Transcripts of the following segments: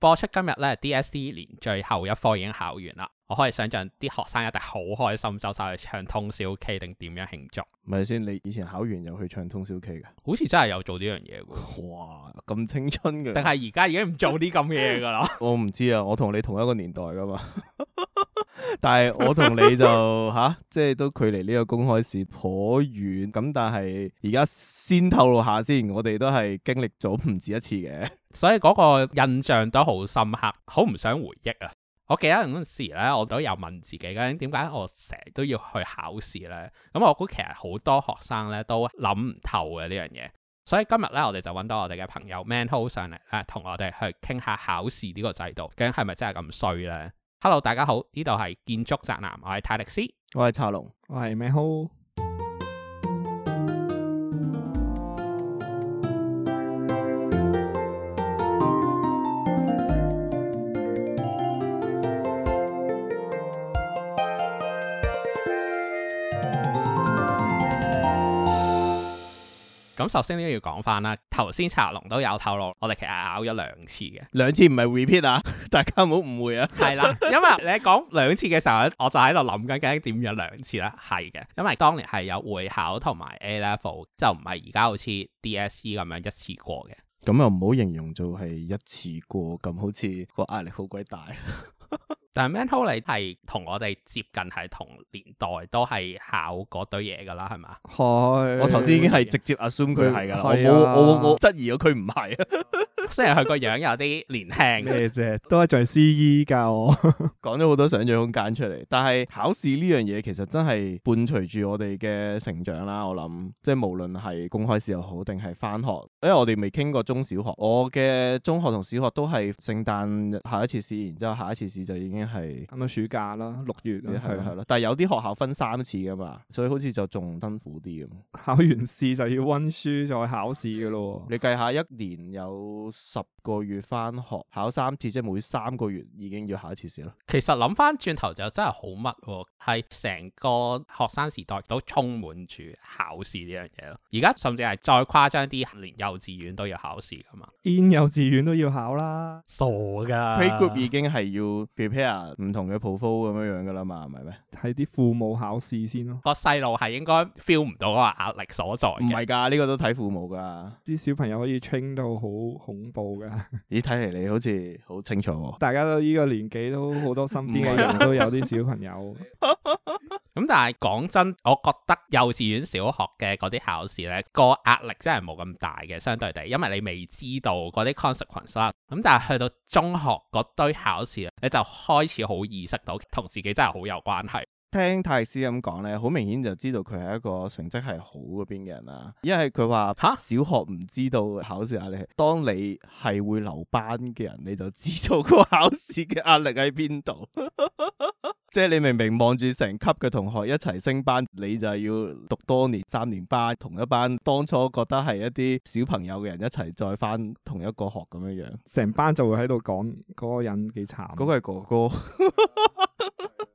播出今日咧，DSE 連最後一科已經考完啦。我可以想象啲學生一定好開心，走晒去唱通宵 K 定點樣慶祝。唔係先，你以前考完又去唱通宵 K 㗎？好似真係有做呢樣嘢喎！嘩，咁青春嘅。但係而家已經唔做啲咁嘅嘢噶啦。我唔知啊，我同你同一個年代噶嘛。 但係我同你就吓， 即係都距離呢個公開試頗遠。咁但係而家先透露下先，我哋都係經歷咗唔止一次嘅，所以嗰個印象都好深刻，好唔想回憶啊。我記得嗰陣時咧，我都有問自己，究竟點解我成日都要去考試咧？咁我估其實好多學生咧都諗唔透嘅呢樣嘢。所以今日咧，我哋就揾到我哋嘅朋友 Man Ho 上嚟咧，同我哋去傾下考試呢個制度，究竟係咪真係咁衰咧？Hello，大家好，呢度係建築宅男，我係泰力斯，我係查龍，我係 Man Ho。咁首先呢個要講翻啦，頭先查龍都有透露，我哋其實考咗兩次嘅，兩次唔係 repeat 啊，大家唔好誤會啊。係 啦，因為你講兩次嘅時候咧，我就喺度諗緊究竟點樣兩次啦。係嘅，因為當年係有會考同埋 A Level，就唔係而家好似 DSE 咁樣一次過嘅。咁又唔好形容做係一次過咁，好似個壓力好鬼大。 但係 Manhole 你係同我哋接近係同年代都係考嗰堆嘢噶啦，係嘛？係，我頭先已經係直接 assume 佢係噶啦。我冇我我質疑咗佢唔係啊， 雖然佢個樣有啲年輕咩啫？都係做 C.E 教，講咗好多想象空間出嚟。但係考試呢樣嘢其實真係伴隨住我哋嘅成長啦。我諗即係無論係公開試又好定係翻學，因為我哋未傾過中小學，我嘅中學同小學都係聖誕下一次試然之後下一次試就已經。係咁啊，係剛剛暑假啦，六月啦，係咯係咯，但係有啲學校分三次噶嘛，所以好似就仲辛苦啲咁。考完試就要溫書再考試噶咯。你計下一年有十個月翻學，考三次，即係每三個月已經要考一次試咯。其實諗翻轉頭就真係好乜啊，係成個學生時代都充滿住考試呢樣嘢咯。而家甚至係再誇張啲，連幼稚園都要考試噶嘛？連幼稚園都要考啦，傻噶！Playgroup 已經係要 prepare 唔同嘅 profile 咁樣樣噶啦嘛，係咪？睇啲父母考試先咯，個細路係應該 feel 唔到個壓力所在。唔係㗎，呢個都睇父母㗎。啲小朋友可以 train 到好恐怖㗎。咦，睇嚟你好似好清楚喎。大家都呢個年紀都好多身邊嘅人都有啲小朋友。 咁但係講真，我覺得幼稚園、小學嘅嗰啲考試呢，個壓力真係冇咁大嘅，相對地，因為你未知道嗰啲 consequence 啦。咁但係去到中學嗰堆考試，你就開始好意識到同自己真係好有關係。聽泰斯咁講呢，好明顯就知道佢係一個成績係好嗰邊嘅人啦。因為佢話吓小學唔知道考試壓力，當你係會留班嘅人，你就知道個考試嘅壓力喺邊度。 即係你明明望住成級嘅同學一齊升班，你就係要讀多年三年班，同一班當初覺得係一啲小朋友嘅人一齊再翻同一個學咁樣樣，成班就會喺度講嗰個人幾慘，嗰個係哥哥。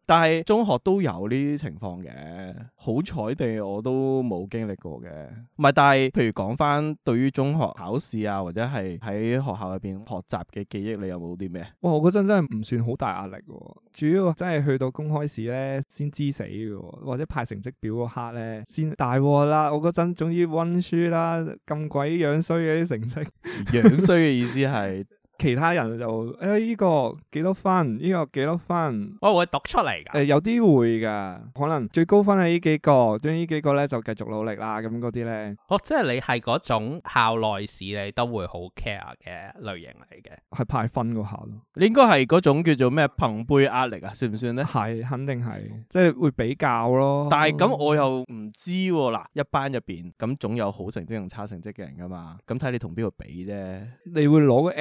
但係中學都有呢啲情況嘅，好彩地我都冇經歷過嘅。唔係，但係譬如講翻對於中學考試啊，或者係喺學校入邊學習嘅記憶，你有冇啲咩？哇！我嗰陣真係唔算好大壓力喎，主要真係去到公開試咧先知死喎，或者派成績表嗰刻咧先大鑊啦。我嗰陣總之溫書啦，咁鬼樣衰嘅啲成績， 樣衰嘅意思係。其他人就誒呢、哎，這個幾多分，呢個幾多分，我、這個哦、會讀出嚟噶。誒、呃、有啲會噶，可能最高分係呢幾個，對呢幾個咧就繼續努力啦。咁嗰啲咧，呢哦，即係你係嗰種校內試你都會好 care 嘅類型嚟嘅，係派分個下咯。你應該係嗰種叫做咩？朋輩壓力啊，算唔算咧？係肯定係，即係會比較咯。但係咁我又唔知喎。嗱，一班入邊咁總有好成績同差成績嘅人噶嘛，咁睇你同邊個比啫。你會攞個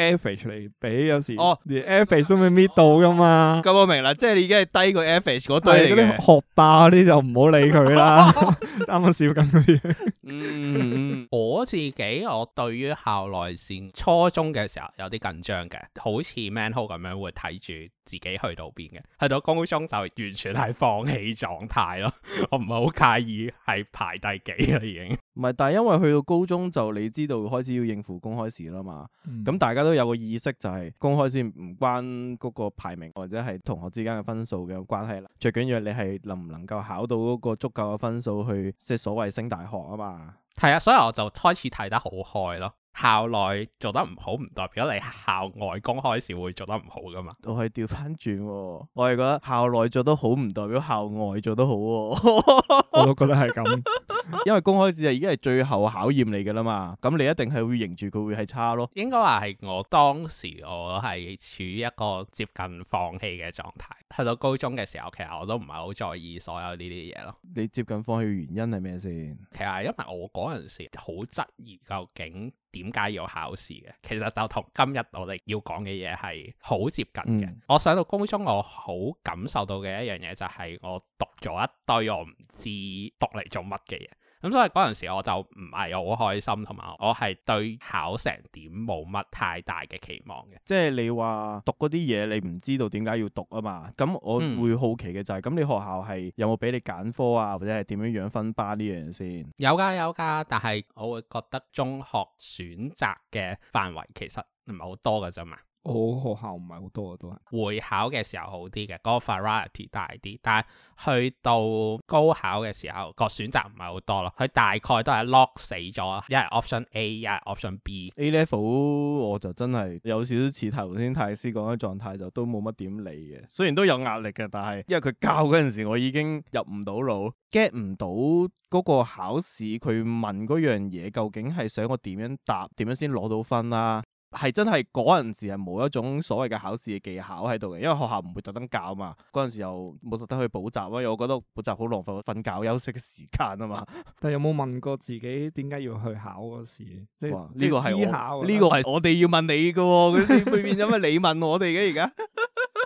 嚟比有時、oh. kind of mm. that，哦 that is funny reaction labels，連 FIS 都未搣到噶嘛，咁我明啦，即係你已經係低過 FIS 嗰堆嚟嘅。嗰啲學霸嗰啲就唔好理佢啦，啱啱少緊嗰啲。我自己我對於校內線，初中嘅時候有啲緊張嘅，好似 Manho 咁樣會睇住自己去到邊嘅，去到高中就完全係放棄狀態咯，我唔係好介意係排第幾啦已經。唔係，但係因為去到高中就，你知道開始要應付公開試啦嘛，咁、嗯嗯、大家都有個意識就係公開試唔關嗰個排名或者係同學之間嘅分數嘅關係啦。最緊要是你係能唔能夠考到嗰個足夠嘅分數去，即係所謂升大學啊嘛。係啊，所以我就開始睇得好開咯。校內做得唔好，唔代表你校外公開試會做得唔好噶嘛？我係調翻轉，我係覺得校內做得好，唔代表校外做得好。 我都覺得係咁， 因為公開試係已經係最後考驗你噶啦嘛。咁你一定係會贏住佢，會係差咯。應該話係我當時我係處於一個接近放棄嘅狀態。去到高中嘅時候，其實我都唔係好在意所有呢啲嘢咯。你接近放棄嘅原因係咩先？其實因為我嗰陣時好質疑究竟。點解要考試嘅？其實就同今日我哋要講嘅嘢係好接近嘅。嗯、我上到高中，我好感受到嘅一樣嘢就係我讀咗一堆我唔知讀嚟做乜嘅嘢。咁所以嗰陣時我就唔係好開心，同埋我係對考成點冇乜太大嘅期望嘅。即係你話讀嗰啲嘢，你唔知道點解要讀啊嘛？咁我會好奇嘅就係、是，咁、嗯、你學校係有冇俾你揀科啊，或者係點樣樣分班呢樣先？有㗎有㗎，但係我會覺得中學選擇嘅範圍其實唔係好多㗎啫嘛。我學校唔係好多都係會考嘅時候好啲嘅，嗰個 variety 大啲，但係去到高考嘅時候，嗰個選擇唔係好多咯。佢大概都係 lock 死咗，一係 option A，一係 option B。A level 我就真係有少少似頭先太師講嘅狀態，就都冇乜點理嘅。雖然都有壓力嘅，但係因為佢教嗰陣時，我已經入唔到腦，get 唔到嗰個考試佢問嗰樣嘢究竟係想我點樣答，點樣先攞到分啦，啊。係真係嗰陣時係冇一種所謂嘅考試嘅技巧喺度嘅，因為學校唔會特登教啊嘛。嗰陣時又冇特登去補習啊，因為我覺得補習好浪費瞓覺休息嘅時間啊嘛。但係有冇問過自己點解要去考嗰時？呢個係我呢個係我哋要問你㗎。哦，會變咗咩？你問我哋嘅而家？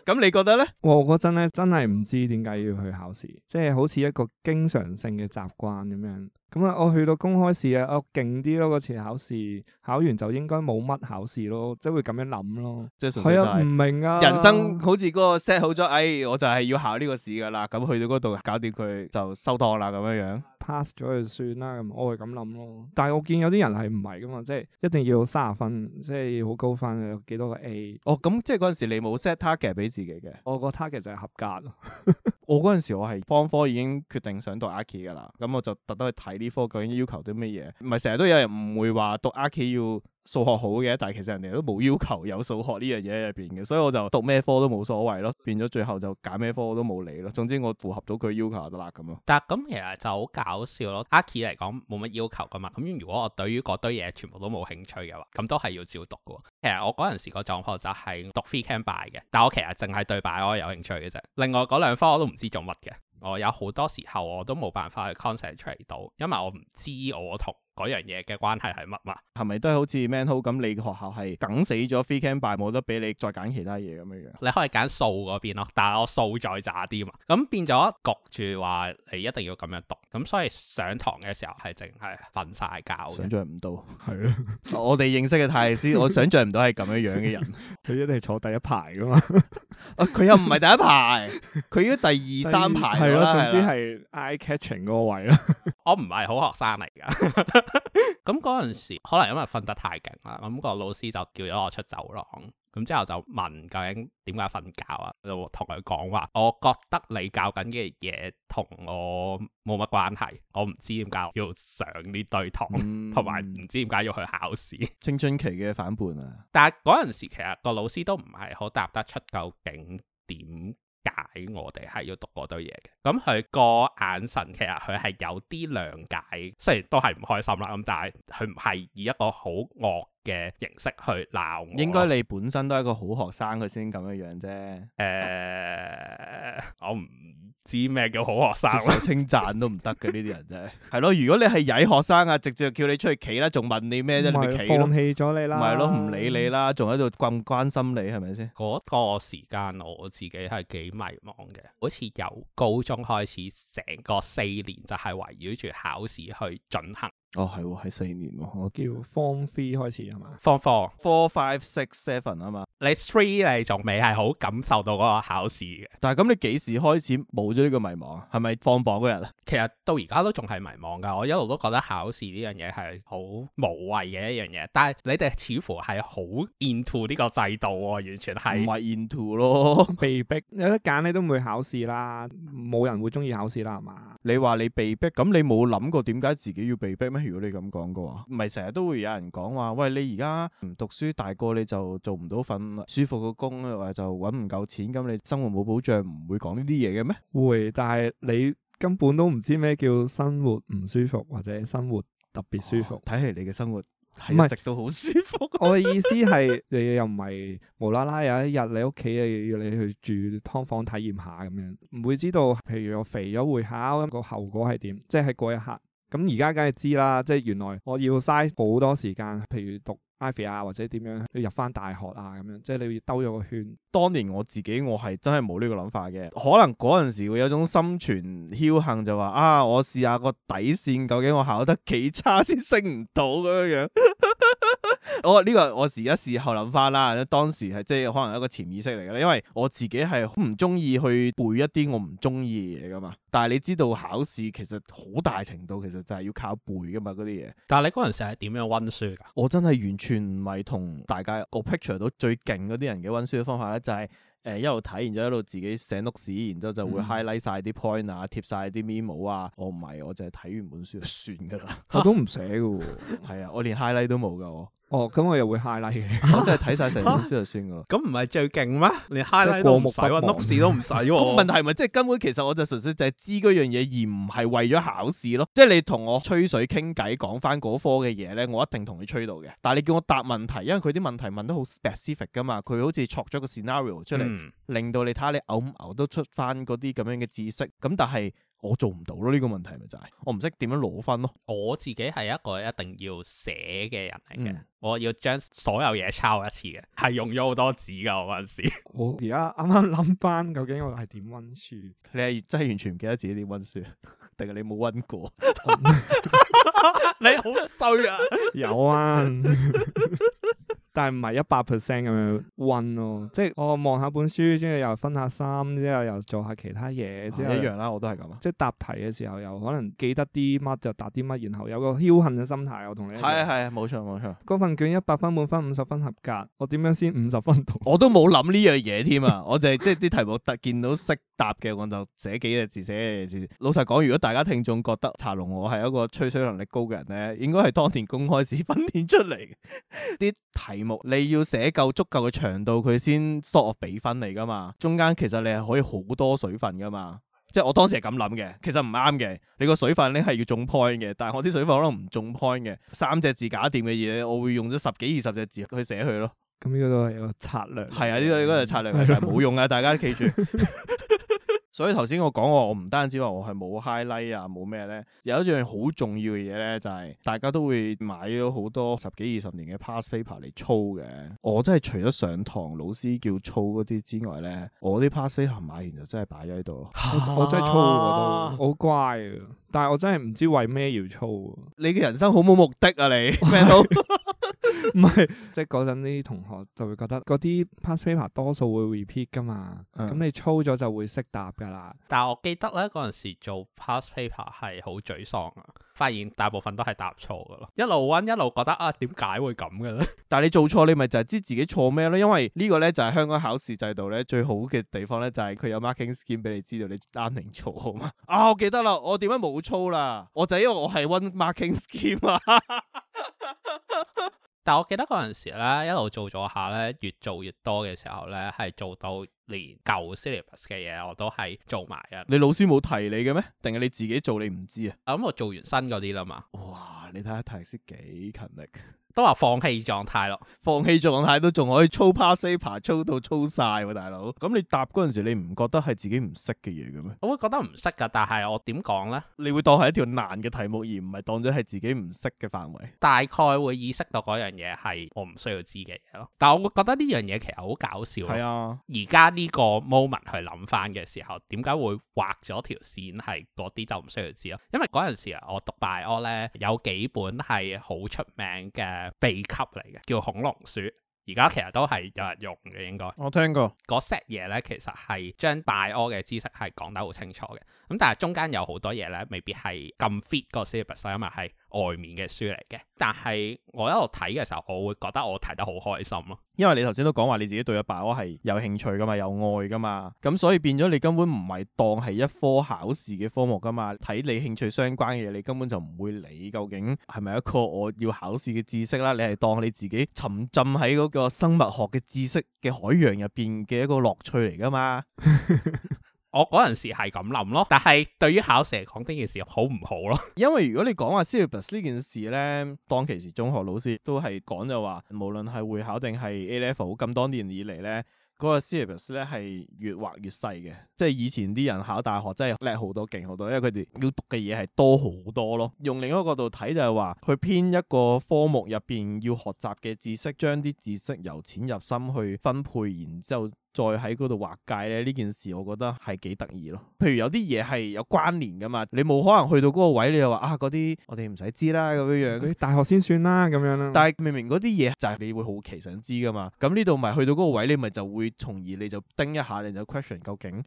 咁你覺得呢？我嗰陣咧真係唔知點解要去考試，即係好似一個經常性嘅習慣咁樣。我去到公開試啊，我勁啲咯，嗰次考試考完就應該冇乜考試咯，即係會咁樣諗咯，即係純粹係唔明啊！人生好似嗰個 set 好咗，哎，我就係要考呢個試噶啦，咁去到嗰度搞掂佢就收檔啦，咁樣樣。pass 咗就算啦，咁我係咁諗咯。但係我見有啲人係唔係噶嘛，即係一定要三十分，即係好高分，有幾多個 A。哦，咁即係嗰陣時你冇 set target 俾自己嘅。我個 target 就係合格咯。 我嗰陣時我係方科已經決定想讀 archie 噶啦，咁我就特登去睇呢科究竟要求啲乜嘢。唔係成日都有人唔會話讀 archie 要。數學好嘅，但係其實人哋都冇要求有數學呢樣嘢喺入邊嘅，所以我就讀咩科都冇所謂咯。變咗最後就揀咩科我都冇理咯。總之我符合到佢要求就得啦咁咯。但係咁其實就好搞笑咯。Aki 嚟講冇乜要求㗎嘛。咁如果我對於嗰堆嘢全部都冇興趣嘅話，咁都係要照讀嘅。其實我嗰陣時個狀況就係讀 Phy Chem Bio 嘅，但我其實淨係對 Bio 我有興趣嘅啫。另外嗰兩科我都唔知做乜嘅。我有好多時候我都冇辦法去 concentrate 到，因為我唔知我同。嗰樣嘢嘅關係係乜嘛？係咪都係好似 Manhole 咁？你個學校係等死咗 f e Can By 冇得俾你再揀其他嘢咁樣樣？你可以揀數嗰邊咯，但係我數再渣啲嘛。咁變咗焗住話你一定要咁樣讀，咁所以上堂嘅時候係淨係瞓晒覺。想象唔到，係啊！ 我哋認識嘅太師，我想象唔到係咁樣樣嘅人。佢 一定係坐第一排噶嘛？佢、 啊、又唔係第一排，佢要第二三排、啊。係咯 二、啊，總之係 Eye Catching 嗰個位咯。 我唔係好學生嚟噶。 咁嗰陣時，可能因為瞓得太勁啦，咁個老師就叫咗我出走廊，咁之後就問究竟點解瞓覺啊？我就同佢講話，我覺得你教緊嘅嘢同我冇乜關係，我唔知點解要上呢堆堂，同埋唔知點解要去考試。青春期嘅反叛啊！但係嗰陣時，其實個老師都唔係好答得出究竟點。解我哋係要讀嗰堆嘢嘅，咁佢個眼神其實，佢係有啲諒解，雖然都係唔開心啦，咁但係，佢唔係以一個好惡嘅形式去鬧我，應該你本身都係一個好學生，佢先咁樣樣啫。誒，我唔知咩叫好學生啦，稱讚都唔得嘅呢啲人啫，係。係咯，如果你係曳學生啊，直接叫你出去企啦，仲問你咩啫？唔係，你咪企咯，放棄咗你啦，咪咯，唔理你啦，仲喺度咁關心你係咪先？嗰個時間我自己係幾迷茫嘅，好似由高中開始，成個四年就係圍繞住考試去進行。哦，係喎，哦，係四年喎，我叫 form three 開始係嘛 Form？four four four five six seven 啊嘛，你 three 你仲未係好感受到嗰個考試嘅？但係咁你幾時開始冇咗呢個迷茫啊？係咪放榜嗰日啊？其實到而家都仲係迷茫噶，我一路都覺得考試呢樣嘢係好無謂嘅一樣嘢。但係你哋似乎係好 into 呢個制度喎，哦，完全係唔係 into 咯被？被逼，有得揀你都唔會考試啦，冇人會中意考試啦係嘛？你話你被逼，咁你冇諗過點解自己要被逼咩？如果你咁講嘅話，唔係成日都會有人講話，喂，你而家唔讀書大，大個你就做唔到份舒服嘅工，又或就揾唔夠錢，咁你生活冇保障，唔會講呢啲嘢嘅咩？會，但係你根本都唔知咩叫生活唔舒服，或者生活特別舒服。睇嚟、哦、你嘅生活係咪一直都好舒服？是 我嘅意思係你又唔係無啦啦有一日你屋企要你去住劏房體驗下咁樣，唔會知道譬如我肥咗會考個後果係點，即係喺嗰一刻。咁而家梗係知啦，即係原來我要嘥好多時間，譬如讀 i 啊，或者點樣，你入翻大學啊，咁樣，即係你會兜咗個圈。當年我自己我係真係冇呢個諗法嘅，可能嗰陣時會有種心存僥倖就話啊，我試下個底線究竟我考得幾差先升唔到咁樣樣。 我呢、這個我時一時後諗翻啦，當時係即係可能一個潛意識嚟嘅，因為我自己係好唔中意去背一啲我唔中意嘅嘢噶嘛。但係你知道考試其實好大程度其實就係要靠背噶嘛，嗰啲嘢。但係你嗰陣時係點樣溫書噶？我真係完全。全唔係同大家個 picture 到最勁嗰啲人嘅溫書嘅方法咧，就係、是、誒、呃、一路睇，然之後一路自己寫 note 然之後就會 highlight 晒啲 point 啊、嗯，貼晒啲 memo 啊。我唔係，我淨係睇完本書就算㗎啦。 我都唔寫嘅喎，係 啊，我連 highlight 都冇㗎我。哦，咁我又會 highlight，我真係睇晒成本書就算噶啦。咁唔係最勁咩？你 highlight 過目不忘都唔使，note 都唔使。 問題咪即係根本其實我就純粹就係知嗰樣嘢，而唔係為咗考試咯。即係 你同我吹水傾偈講翻嗰科嘅嘢咧，我一定同你吹到嘅。但係你叫我答問題，因為佢啲問題問得 specific 好 specific 噶嘛，佢好似創咗個 scenario 出嚟，嗯、令到你睇下你嘔唔嘔都出翻嗰啲咁樣嘅知識。咁但係。我做唔到咯，呢個問題咪就係、是、我唔識點樣攞分咯。我自己係一個一定要寫嘅人嚟嘅，嗯、我要將所有嘢抄一次嘅，係用咗好多紙噶嗰陣時。我而家啱啱諗返，剛剛究竟我係點温書？你係真係完全唔記得自己點温書？定係你冇温過？ 你好衰啊！ 有啊。 但係唔係一百 percent 咁樣溫咯，即係我望下本書，之後又分下心，之後又做下其他嘢，啊、之後一樣啦，我都係咁，即係答題嘅時候又可能記得啲乜就答啲乜，然後有個僥倖嘅心態，我同你一係啊，係啊，冇錯冇錯。嗰份卷一百分滿分，五十分合格，我點樣先五十分我都冇諗呢樣嘢添啊！我就係即係啲題目特見到識答嘅，我就寫幾隻字，寫幾隻字。老實講，如果大家聽眾覺得茶龍我係一個吹水能力高嘅人咧，應該係當年公開試訓練出嚟啲題。 你要寫夠足夠嘅長度，佢先 sort 俾分嚟噶嘛。中間其實你係可以好多水分噶嘛，即係我當時係咁諗嘅，其實唔啱嘅。你個水分咧係要中 point 嘅，但係我啲水分可能唔中 point 嘅。三隻字搞掂嘅嘢，我會用咗十幾二十隻字去寫佢咯。咁呢個都係個策略，係啊，呢個呢個係策略， 但係冇用啊，大家企住。 所以頭先我講我唔單止話我係冇 highlight 啊，冇咩咧，有一樣好重要嘅嘢咧，就係大家都會買咗好多十幾二十年嘅 past paper 嚟操嘅。我真係除咗上堂老師叫操嗰啲之外咧，我啲 past paper 買完就真係擺咗喺度，我真係操嘅，我好乖啊。但係我真係唔知為咩要操。你嘅人生好冇目的啊你。是 唔係， 即係嗰陣啲同學就會覺得嗰啲 past paper 多數會 repeat 噶嘛，咁、嗯、你操咗就會識答噶啦。但係我記得咧，嗰陣時做 past paper 係好沮喪啊，發現大部分都係答錯噶咯，一路溫一路覺得啊，點解會咁噶咧？但係你做錯你咪就係知自己錯咩咯，因為個呢個咧就係、是、香港考試制度咧最好嘅地方咧，就係、是、佢有 marking scheme 俾你知道你啱定錯，好嘛。啊，我記得啦，我點解冇操啦？我就因為我係溫 marking scheme 啊。 但我記得嗰陣時咧，一路做咗下咧，越做越多嘅時候咧，係做到連舊 Syllabus 嘅嘢我都係做埋嘅。你老師冇提你嘅咩？定係你自己做你唔知啊？咁、嗯、我做完新嗰啲啦嘛。哇！你睇下提先，幾勤力。都話放棄狀態咯，放棄狀態都仲可以操 past paper，操到操晒喎、啊，大佬。咁你答嗰陣時，你唔覺得係自己唔識嘅嘢嘅咩？我會覺得唔識噶，但係我點講呢？你會當係一條難嘅題目，而唔係當咗係自己唔識嘅範圍。大概會意識到嗰樣嘢係我唔需要知嘅嘢咯。但係我會覺得呢樣嘢其實好搞笑。係啊，而家呢個 moment 去諗翻嘅時候，點解會畫咗條線係嗰啲就唔需要知咯？因為嗰陣時我讀大學呢，有幾本係好出名嘅。秘笈嚟嘅，叫恐龍鼠，而家其實都係有人用嘅，應該。我聽過嗰 set 嘢咧，其實係將 Bio 科嘅知識係講得好清楚嘅，咁、嗯、但係中間有好多嘢咧，未必係咁 fit 個 Syllabus 啊嘛係。外面嘅書嚟嘅，但係我一路睇嘅時候，我會覺得我睇得好開心咯。因為你頭先都講話你自己對阿爸我係有興趣噶嘛，有愛噶嘛，咁所以變咗你根本唔係當係一科考試嘅科目噶嘛，睇你興趣相關嘅嘢，你根本就唔會理究竟係咪一個我要考試嘅知識啦。你係當你自己沉浸喺嗰個生物學嘅知識嘅海洋入邊嘅一個樂趣嚟噶嘛。 我嗰陣時係咁諗咯，但係對於考試嚟講，呢件事好唔好咯？因為如果你講話 syllabus 呢件事咧，當其時中學老師都係講就話，無論係會考定係 A level 咁多年以嚟咧，嗰、嗰個 syllabus 咧係越劃越細嘅。即係以前啲人考大學真係叻好多，勁好多，因為佢哋要讀嘅嘢係多好多咯。用另一個角度睇就係話，佢編一個科目入邊要學習嘅知識，將啲知識由淺入深去分配，然之後，再喺嗰度劃界咧，呢件事我覺得係幾得意咯。譬如有啲嘢係有關聯噶嘛，你冇可能去到嗰個位你就，你又話啊嗰啲我哋唔使知啦咁樣樣。大學先算啦咁樣啦。但係明明嗰啲嘢就係你會好奇想知噶嘛。咁呢度咪去到嗰個位，你咪就，就會從而你就叮一下你就 question 究竟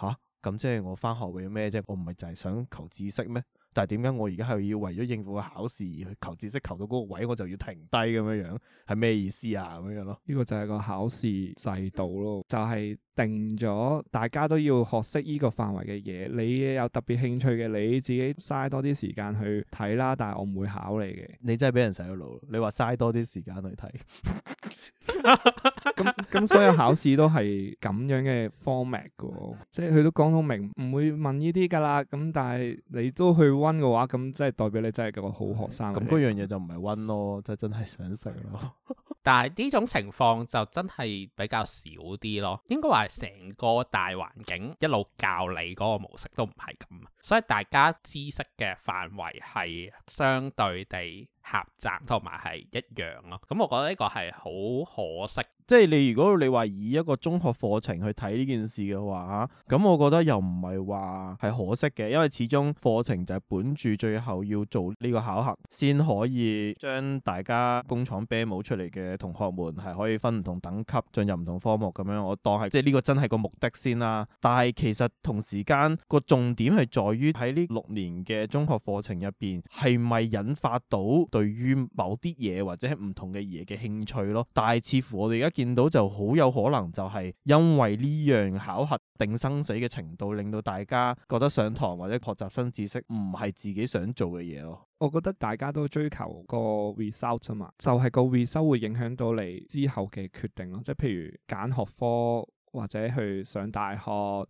吓？咁即係我翻學為咩啫？我唔係就係想求知識咩？但係點解我而家係要為咗應付個考試而去求知識，求到嗰個位我就要停低咁樣樣，係咩意思啊？咁樣咯，呢個就係個考試制度咯， 就係、是。定咗大家都要學識呢個範圍嘅嘢，你有特別興趣嘅，你自己嘥多啲時間去睇啦。但係我唔會考你嘅，你真係俾人洗咗腦。你話嘥多啲時間去睇，咁咁所有考試都係咁樣嘅 format 噶， 即係佢都講到明，唔會問呢啲㗎啦。咁但係你都去溫嘅話，咁即係代表你真係個好學生。咁樣嘢就唔係溫咯，就真係想食咯。但係呢種情況就真係比較少啲咯，應該話。成個大環境一路教你嗰個模式都唔係咁，所以大家知識嘅範圍係相對地。狹窄同埋係一樣咯，咁我覺得呢個係好可惜。即係你如果你話以一個中學課程去睇呢件事嘅話，咁我覺得又唔係話，係可惜嘅，因為始終課程就係本住最後要做呢個考核，先可以將大家工廠啤模出嚟嘅同學們，係可以分唔同等級進入唔同科目咁樣，我當係即係呢個真係個目的先啦。但係其實同時間個重點係在於喺呢六年嘅中學課程入邊，係咪引發到？對於某啲嘢或者係唔同嘅嘢嘅興趣咯，但係似乎我哋而家見到就好有可能就係因為呢樣考核定生死嘅程度，令到大家覺得上堂或者學習新知識唔係自己想做嘅嘢咯。我覺得大家都追求個 result 啫嘛，就係個 result 會影響到你之後嘅決定咯，即係譬如揀學科。或者去上大學，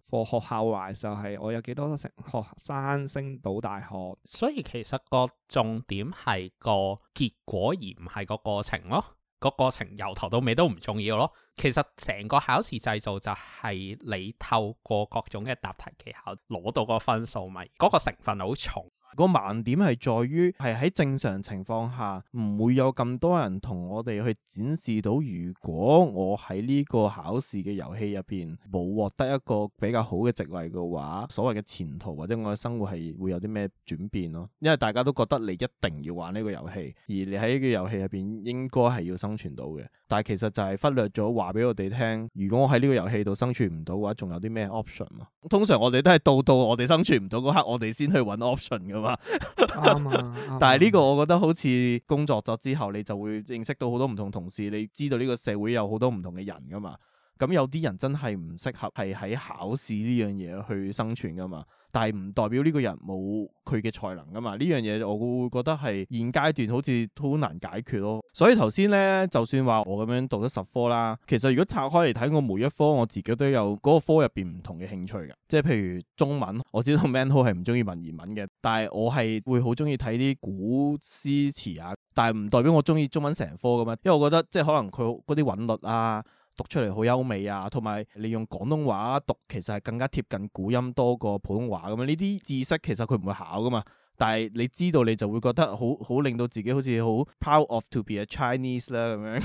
或學校、啊，或就係、係、我有幾多成學生升到大學。所以其實個重點係個結果而唔係個過程咯。個過程由頭到尾都唔重要咯。其實成個考試制度就係你透過各種嘅答題技巧攞到個分數咪，嗰、嗰個成分好重。個盲點係在於係喺正常情況下唔會有咁多人同我哋去展示到，如果我喺呢個考試嘅遊戲入邊冇獲得一個比較好嘅職位嘅話，所謂嘅前途或者我嘅生活係會有啲咩轉變咯。因為大家都覺得你一定要玩呢個遊戲，而你喺呢個遊戲入邊應該係要生存到嘅。但係其實就係忽略咗話俾我哋聽，如果我喺呢個遊戲度生存唔到嘅話，仲有啲咩 option？通常我哋都係到到我哋生存唔到嗰刻，我哋先去揾 option 嘅。嘛， 但係呢個我覺得好似工作咗之後，你就會認識到好多唔同同事，你知道呢個社會有好多唔同嘅人噶嘛，咁有啲人真係唔適合係喺考試呢樣嘢去生存噶嘛。但係唔代表呢個人冇佢嘅才能噶嘛？呢樣嘢我會覺得係現階段好似好難解決咯。所以頭先咧，就算話我咁樣讀得十科啦，其實如果拆開嚟睇，我每一科我自己都有嗰個科入邊唔同嘅興趣嘅。即係譬如中文，我知道 Man Ho 係唔中意文言文嘅，但係我係會好中意睇啲古詩詞啊。但係唔代表我中意中文成科咁啊，因為我覺得即係可能佢嗰啲韻律啊。讀出嚟好優美啊，同埋你用廣東話讀，其實係更加貼近古音多過普通話咁樣。呢啲知識其實佢唔會考噶嘛，但係你知道你就會覺得好好，令到自己好似好 proud of to be a Chinese 啦咁樣。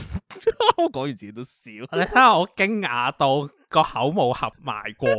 我講 完自己都笑。我驚訝到個口冇合埋過。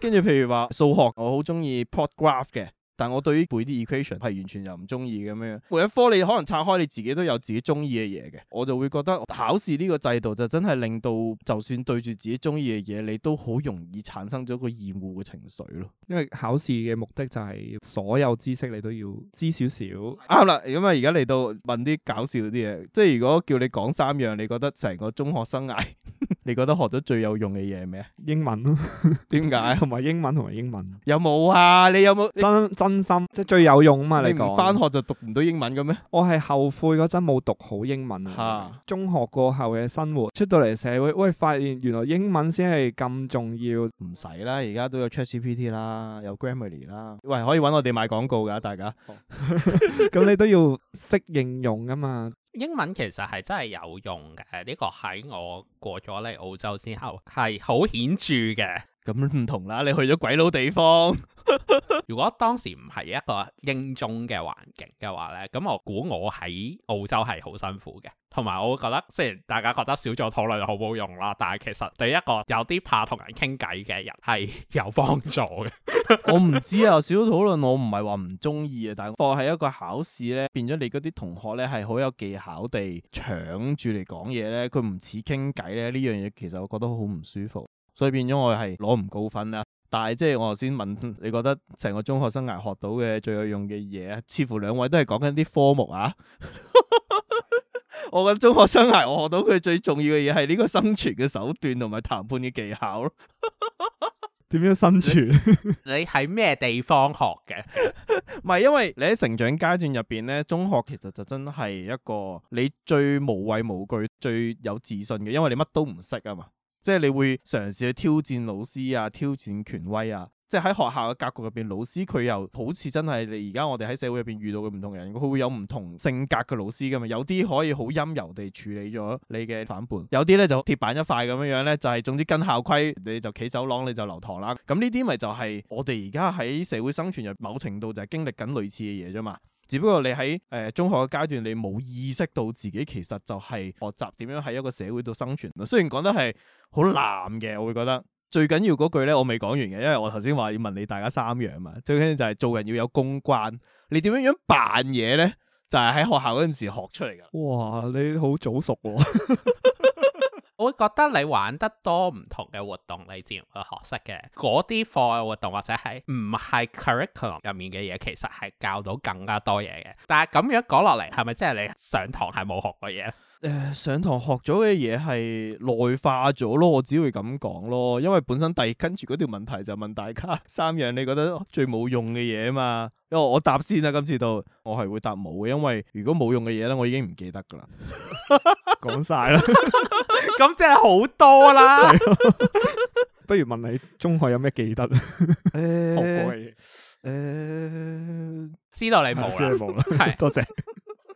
跟 住 譬如話數學，我好中意 plot graph 嘅。但我對於背啲 equation 係完全又唔中意嘅咩樣，每一科你可能拆開你自己都有自己中意嘅嘢嘅。我就會覺得考試呢個制度就真係令到就算對住自己中意嘅嘢，你都好容易產生咗個厭惡嘅情緒咯。因為考試嘅目的就係所有知識你都要知少少。啱啦。咁啊而家嚟到問啲搞笑啲嘢，即係如果叫你講三樣，你覺得成個中學生涯？ 你覺得學咗最有用嘅嘢係咩？英文咯，點解？同埋英文同埋英文有冇啊？你有冇真真心即係最有用啊嘛？你講返學就讀唔到英文嘅咩？我係後悔嗰陣冇讀好英文啊！哈中學過後嘅生活出到嚟社會，喂，發現原來英文先係咁重要，唔使啦，而家都有 ChatGPT 啦，有 Grammarly 啦，喂，可以搵我哋買廣告㗎，大家，咁、oh. 你都要識應用㗎嘛？英文其實係真係有用嘅，呢個喺我過咗嚟澳洲之後係好顯著嘅。咁唔同啦，你去咗鬼佬地方。如果當時唔係一個英中嘅環境嘅話呢，咁我估我喺澳洲係好辛苦嘅。同埋我覺得，雖然大家覺得小組討論好冇用啦，但係其實對一個有啲怕同人傾偈嘅人係有幫助嘅。 我唔知啊，小組討論我唔係話唔中意啊，但係我係一個考試呢，變咗你嗰啲同學呢係好有技巧地搶住嚟講嘢呢。佢唔似傾偈呢，呢樣嘢其實我覺得好唔舒服。所以變咗我係攞唔高分啦，但係即係我頭先問你覺得成個中學生涯學到嘅最有用嘅嘢，似乎兩位都係講緊啲科目啊。 我覺得中學生涯我學到佢最重要嘅嘢係呢個生存嘅手段同埋談判嘅技巧咯。點 樣生存？你喺咩地方學嘅？唔係 因為你喺成長階段入邊咧，中學其實就真係一個你最無畏無懼、最有自信嘅，因為你乜都唔識啊嘛。即係你會嘗試去挑戰老師啊，挑戰權威啊！即係喺學校嘅格局入邊，老師佢又好似真係你而家我哋喺社會入邊遇到嘅唔同人，佢會有唔同性格嘅老師噶嘛？有啲可以好陰柔地處理咗你嘅反叛，有啲咧就鐵板一塊咁樣樣咧，就係總之跟校規，你就企走廊你就留堂啦。咁呢啲咪就係我哋而家喺社會生存入，某程度就係經歷緊類似嘅嘢啫嘛。只不過你喺誒中學嘅階段，你冇意識到自己其實就係學習點樣喺一個社會度生存。雖然講得係好難嘅，我會覺得最緊要嗰句咧，我未講完嘅，因為我頭先話要問你大家三樣嘛，最緊要就係做人要有公關。你點樣樣扮嘢咧，就係、是、喺學校嗰陣時學出嚟噶。哇，你好早熟啊。 我會覺得你玩得多唔同嘅活動，你自然會學識嘅。嗰啲課外活動或者係唔係 curriculum 入面嘅嘢，其實係教到更加多嘢嘅。但係咁樣講落嚟，係咪即係你上堂係冇學過嘢？誒，上堂學咗嘅嘢係內化咗咯，我只會咁講咯，因為本身第跟住嗰條問題就問大家三樣你覺得最冇用嘅嘢嘛？因為我答先啦，今次到我係會答冇嘅，因為如果冇用嘅嘢咧，我已經唔記得噶啦，講晒啦，咁 即係好多啦， 不如問你中學有咩記得？誒、 欸，學過嘅嘢，誒、欸，知道你冇啦，係 多謝。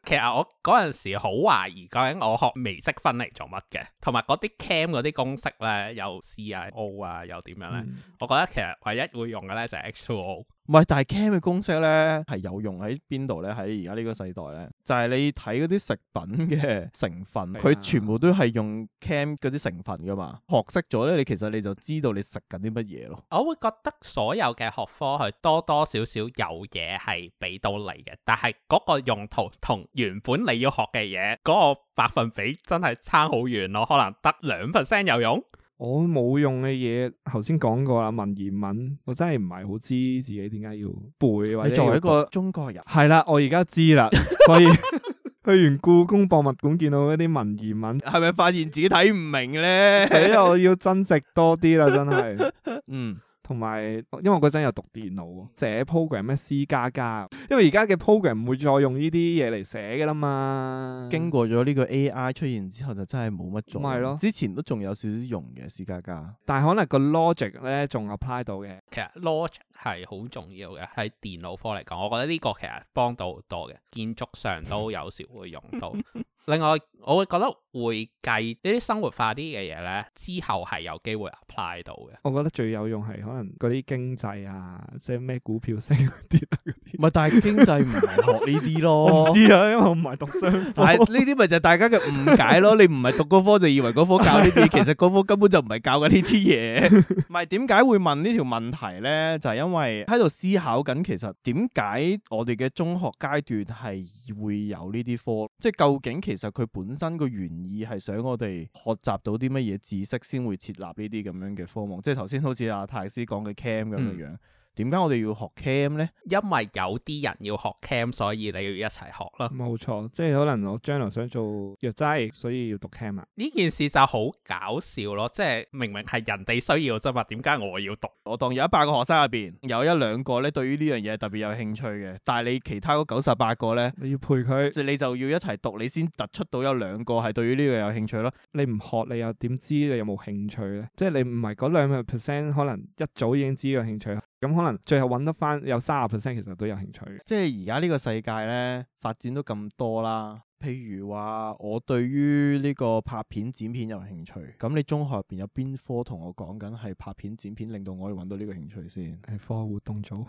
其實我嗰陣時好懷疑究竟我學微積分嚟做乜嘅，同埋嗰啲 cam 嗰啲公式咧，又 c I、啊、o 啊，又點樣咧？嗯、我覺得其實唯一會用嘅咧就係 H2O。唔係，但係 Chem 嘅公式咧，係有用喺邊度咧？喺而家呢個世代咧，就係、是、你睇嗰啲食品嘅成分，佢、啊、全部都係用 Chem 嗰啲成分噶嘛？學識咗咧，你其實你就知道你食緊啲乜嘢咯。我會覺得所有嘅學科係多多少少有嘢係俾到你嘅，但係嗰個用途同原本你要學嘅嘢嗰個百分比真係差好遠咯，可能得兩 percent 有用。我冇用嘅嘢，頭先講過啦。文言文，我真係唔係好知自己點解要背。或者作為一個中國人，係啦，我而家知啦， 所以去完故宮博物館見到一啲文言文，係咪發現自己睇唔明咧？所以我要增值多啲啦，真係。 嗯。同埋，因為我嗰陣又讀電腦，寫 program 咩 C 加加，因為而家嘅 program 唔會再用呢啲嘢嚟寫㗎啦嘛。經過咗呢個 AI 出現之後，就真係冇乜用。唔係咯，之前都仲有少少用嘅 C 加加，家家但係可能個 logic 咧仲 apply 到嘅。其實 logic 係好重要嘅，喺電腦科嚟講，我覺得呢個其實幫到好多嘅，建築上都有時會用到。 另外，我會覺得會計呢啲生活化啲嘅嘢咧，之後係有機會 apply 到嘅。我覺得最有用係可能嗰啲經濟啊，即係咩股票升嗰啲，啊。唔係， 但係經濟唔係學呢啲咯。 我唔知啊，因為我唔係讀商科， 但呢啲咪就係大家嘅誤解咯。 你唔係讀嗰科，就以為嗰科教呢啲， 其實嗰科根本就唔係教緊呢啲嘢。唔係，點解會問呢條問題咧？就係、是、因為喺度思考緊，其實點解我哋嘅中學階段係會有呢啲科，即係究竟其實佢本身個原意係想我哋學習到啲乜嘢知識先會設立呢啲咁樣嘅科目，即係頭先好似阿泰斯講嘅 Cam 咁樣樣。點解我哋要學 cam 咧？因為有啲人要學 cam，所以你要一齊學咯。冇錯，即係可能我將來想做藥劑，所以要讀 cam 啊。呢件事就好搞笑咯，即係明明係人哋需要啫嘛，點解我要讀？我當有一百個學生入邊有一兩個咧，對於呢樣嘢特別有興趣嘅，但係你其他嗰九十八個咧，你要陪佢，即係你就要一齊讀，你先突出到有兩個係對於呢樣有興趣咯。你唔學，你又點知你有冇興趣咧？即係你唔係嗰兩 percent，可能一早已經知個興趣。咁可能最後揾得翻有三十 percent 其實都有興趣嘅，即係而家呢個世界呢發展到咁多啦。譬如話我對於呢個拍片剪片有興趣，咁你中學入邊有邊科同我講緊係拍片剪片，令到我去揾到呢個興趣先？係課活動組。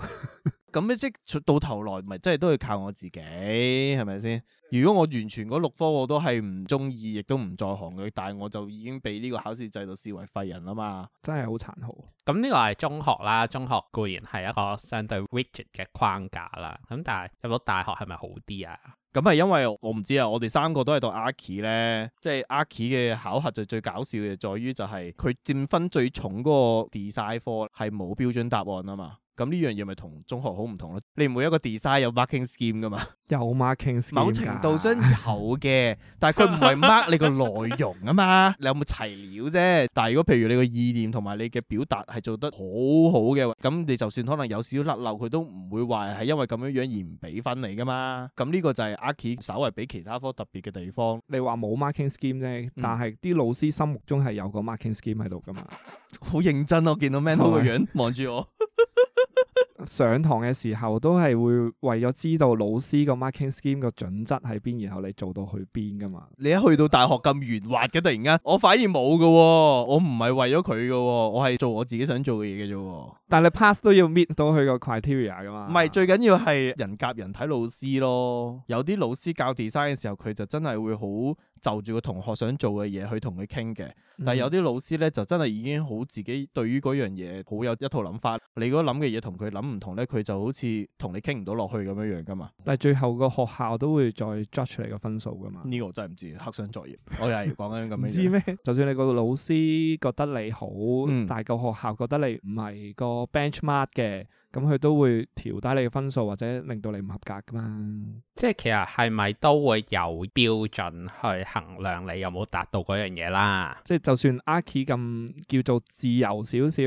咁 你即到頭來，咪真係都要靠我自己，係咪先？如果我完全嗰六科我都係唔中意，亦都唔在行嘅，但係我就已經俾呢個考試制度視為廢人啦嘛。真係好殘酷。咁呢個係中學啦，中學固然係一個相對 rigid 嘅框架啦，咁但係有冇大學係咪好啲啊？咁係因為我唔知啊，我哋三個都係讀 Archi 咧，即係 Archi 嘅考核就最搞笑嘅，就在於就係佢佔分最重嗰個 design 課係冇標準答案啊嘛。咁呢樣嘢咪同中學好唔同咯？你每一個 design 有 marking scheme 噶嘛？有 marking scheme，某程度上有嘅，但係佢唔係 mark 你個內容啊嘛。你有冇齊料啫？但係如果譬如你個意念同埋你嘅表達係做得好好嘅話，咁你就算可能有少少甩漏，佢都唔會話係因為咁樣樣而唔俾分你噶嘛。咁呢個就係 Aki 稍為比其他科特別嘅地方。你話冇 marking scheme 啫，嗯、但係啲老師心目中係有個 marking scheme 喺度噶嘛？ 好認真，啊，我見到 MH 嗰個樣望住我。 上堂嘅時候都係會為咗知道老師個 marking scheme 個準則喺邊，然後你做到去邊噶嘛？你一去到大學咁圓滑嘅，突然間我反而冇噶，我唔係為咗佢噶，我係做我自己想做嘅嘢嘅啫。但係 pass 都要 meet 到佢個 criteria 噶嘛？唔係最緊要係人夾人睇老師咯，有啲老師教 design 嘅時候，佢就真係會好。就住個同學想做嘅嘢，去同佢傾嘅，但係有啲老師咧就真係已經好自己對於，對於嗰樣嘢好有一套諗法。你嗰諗嘅嘢同佢諗唔同咧，佢就好似同你傾唔到落去咁樣樣噶嘛。但係最後個學校都會再 judge 你嘅分數噶嘛。呢個我真係唔知，黑箱作業，我又係講緊咁樣嘢。你知咩？就算你個老師覺得你好，嗯、但個學校覺得你唔係個 benchmark 嘅。咁佢、嗯、都會調低你嘅分數，或者令到你唔合格噶嘛。即係其實係咪都會有標準去衡量你有冇達到嗰樣嘢啦？即係就算 Arch 咁叫做自由少少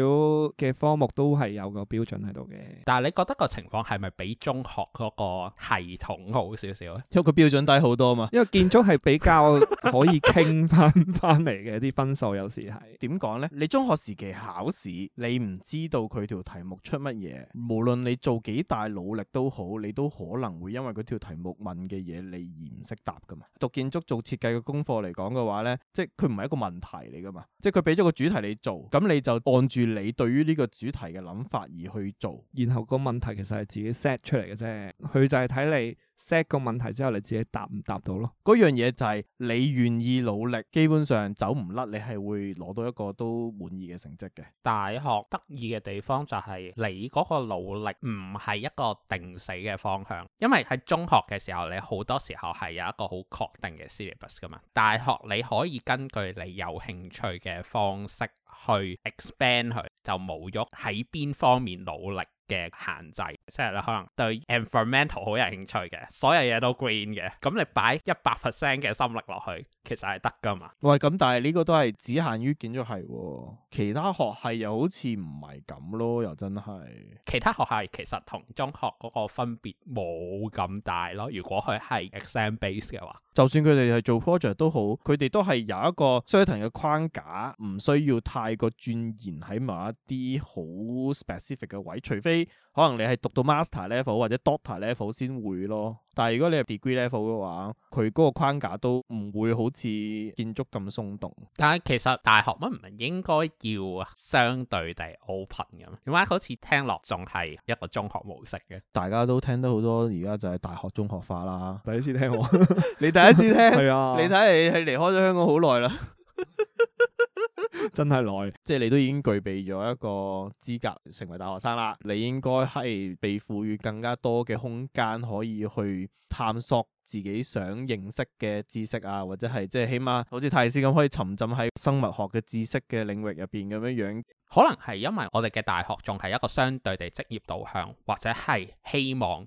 嘅科目，都係有個標準喺度嘅。但係你覺得個情況係咪比中學嗰個系統好少少咧？因為個標準低好多嘛。因為建築係比較可以傾翻翻嚟嘅啲分數，有時係點講呢？你中學時期考試，你唔知道佢條題目出乜嘢。無論你做幾大努力都好，你都可能會因為嗰條題目問嘅嘢你而唔識答㗎嘛。讀建築做設計嘅功課嚟講嘅話呢，即係佢唔係一個問題嚟㗎嘛，即係佢俾咗個主題你做，咁你就按住你對於呢個主題嘅諗法而去做，然後個問題其實係自己 set 出嚟嘅啫，佢就係睇你。set 個問題之後，你自己答唔答到咯？嗰樣嘢就係、是、你願意努力，基本上走唔甩，你係會攞到一個都滿意嘅成績嘅。大學得意嘅地方就係、是、你嗰個努力唔係一個定死嘅方向，因為喺中學嘅時候，你好多時候係有一個好確定嘅 syllabus 噶嘛。大學你可以根據你有興趣嘅方式去 expand 佢，就冇喐喺邊方面努力。嘅限制，即係咧可能對 environmental 好有興趣嘅，所有嘢都 green 嘅，咁你擺一百 percent 嘅心力落去，其實係得噶嘛？喂，咁但係呢個都係只限於建築系，其他學系又好似唔係咁咯，又真係。其他學系其實同中學嗰個分別冇咁大咯。如果佢係 exam based 嘅話，就算佢哋係做 project 都好，佢哋都係有一個 certain 嘅框架，唔需要太過鑽研喺某一啲好 specific 嘅位，除非。可能你係讀到 master level 或者 doctor level 先會咯，但係如果你係 degree level 嘅話，佢嗰個框架都唔會好似建築咁鬆動。但係其實大學乜唔係應該要相對地 open 咁？點解好似聽落仲係一個中學模式嘅？大家都聽得好多，而家就係大學中學化啦。第一次聽我， 你第一次聽係啊？你睇你係離開咗香港好耐啦。真係耐，即係你都已經具備咗一個資格成為大學生啦。你應該係被賦予更加多嘅空間，可以去探索自己想認識嘅知識啊，或者係即係起碼好似泰斯咁，可以沉浸喺生物學嘅知識嘅領域入邊咁樣樣。可能係因為我哋嘅大學仲係一個相對地職業導向，或者係希望。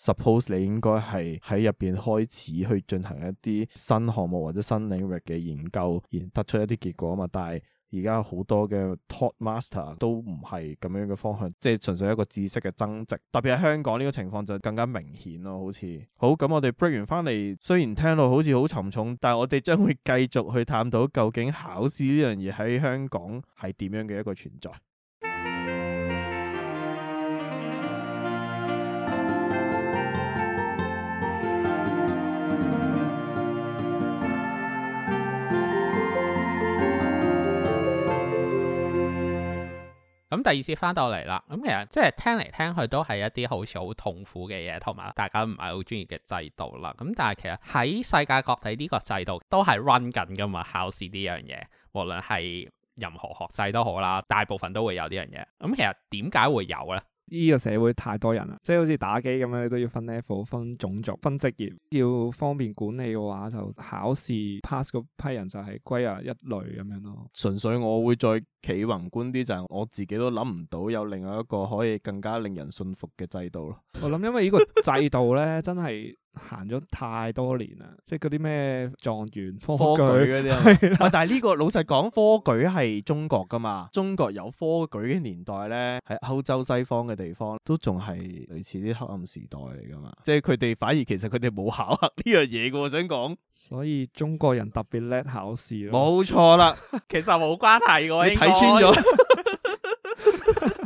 Suppose 你應該係喺入邊開始去進行一啲新項目或者新領域嘅研究，而得出一啲結果啊嘛。但係而家好多嘅 top master 都唔係咁樣嘅方向，即係純粹一個知識嘅增值。特別係香港呢個情況就更加明顯咯。好似好咁，我哋 break 完翻嚟，雖然聽落好似好沉重，但係我哋將會繼續去探討究竟考試呢樣嘢喺香港係點樣嘅一個存在。咁第二次翻到嚟啦，咁其實即係聽嚟聽去都係一啲好似好痛苦嘅嘢，同埋大家唔係好鍾意嘅制度啦。咁但係其實喺世界各地呢個制度都係 run 緊㗎嘛，考試呢樣嘢，無論係任何學勢都好啦，大部分都會有呢樣嘢。咁其實點解會有呢？呢個社會太多人啦，即係好似打機咁樣，你都要分 level、分種族、分職業，要方便管理嘅話，就考試 pass 嗰批人就係歸啊一類咁樣咯。純粹我會再企宏觀啲，就係我自己都諗唔到有另外一個可以更加令人信服嘅制度咯。 我諗因為呢個制度咧，真係，行咗太多年啦，即係嗰啲咩狀元科，科舉嗰啲 對了、啊、但係呢、呢個老實講，科舉係中國噶嘛，中國有科舉嘅年代呢，喺歐洲西方嘅地方都仲係類似啲黑暗時代嚟噶嘛，即係佢哋反而其實佢哋冇考核呢樣嘢噶，我想講。所以中國人特別叻考試，冇錯啦，錯 其實冇關係噶、啊，你睇穿咗。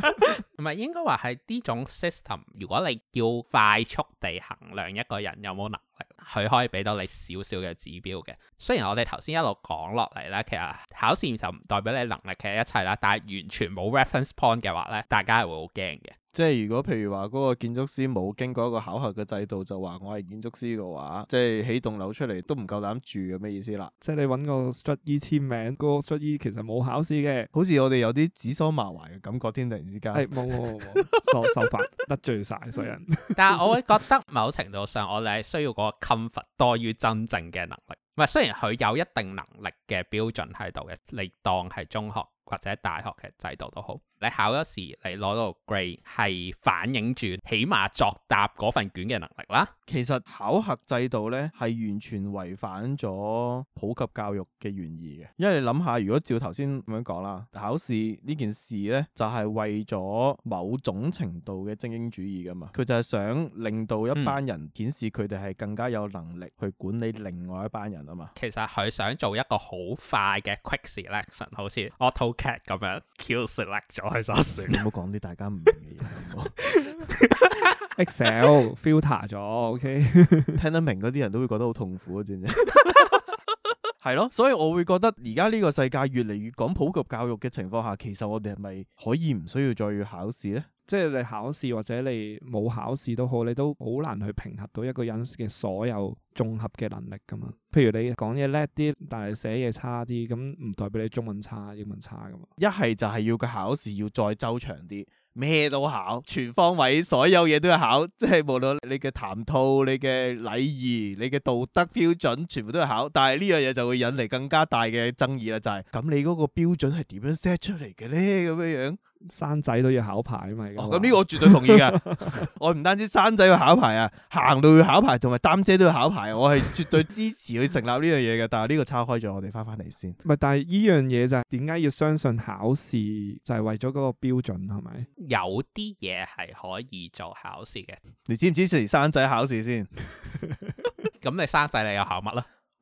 唔係應該話係呢種 system，如果你要快速地衡量一個人有冇能力，佢可以俾到你少少嘅指標嘅。雖然我哋頭先一路講落嚟咧，其實考試就唔代表你能力嘅一切啦。但係完全冇 reference point 嘅話咧，大家係會好驚嘅。即係如果譬如話嗰個建築師冇經過一個考核嘅制度就，就話我係建築師嘅話，即係起棟樓出嚟都唔夠膽住嘅咩意思啦？即係你揾個 Struct E 簽名，嗰、嗰個 Struct E 其實冇考試嘅。好似我哋有啲指桑罵槐嘅感覺添，突然之間係冇冇疏受罰 得罪晒所有人。但係我會覺得某程度上我哋係需要嗰個 confirm 多於真正嘅能力。唔係，雖然佢有一定能力嘅標準喺度嘅，你當係中學或者大學嘅制度都好。你考咗試你攞到 grade，係反映住起碼作答嗰份卷嘅能力啦。其實考核制度咧，係完全違反咗普及教育嘅原意嘅。因為你諗下，如果照頭先咁樣講啦，考試呢件事咧就係、是、為咗某種程度嘅精英主義噶嘛，佢就係想令到一班人顯示佢哋係更加有能力去管理另外一班人啊嘛、嗯。其實佢想做一個好快嘅 quick selection，好似 AutoCAD 咁樣 quick select 咗。Se 係殺死！唔好講啲大家唔明嘅嘢。Excel filter 咗，OK， 聽得明嗰啲人都會覺得好痛苦嘅知。係咯，所以我會覺得而家呢個世界越嚟越講普及教育嘅情況下，其實我哋係咪可以唔需要再要考試咧？即係你考試或者你冇考試都好，你都好難去評核到一個人嘅所有綜合嘅能力㗎嘛。譬如你講嘢叻啲，但係寫嘢差啲，咁唔代表你中文差、英文差㗎嘛。一係就係要個考試要再周長啲。咩都考，全方位所有嘢都要考，即係無論你嘅談吐、你嘅禮儀、你嘅道德標準，全部都要考。但係呢樣嘢就會引嚟更加大嘅爭議啦，就係咁你嗰個標準係點樣 set 出嚟嘅咧？咁樣樣。生仔都要考牌啊嘛。哦，咁呢個我絕對同意噶 我唔單止生仔要考牌啊，行路要考牌，同埋擔遮都要考牌，我係絕對支持去成立呢樣嘢嘅。 但係呢個叉開咗，我哋返返嚟先。唔係，但係呢樣嘢就係點解要相信考試就係為咗嗰個標準係咪？是是，有啲嘢係可以做考試嘅。你知唔知是生仔考試先？咁 你生仔你又考乜啦？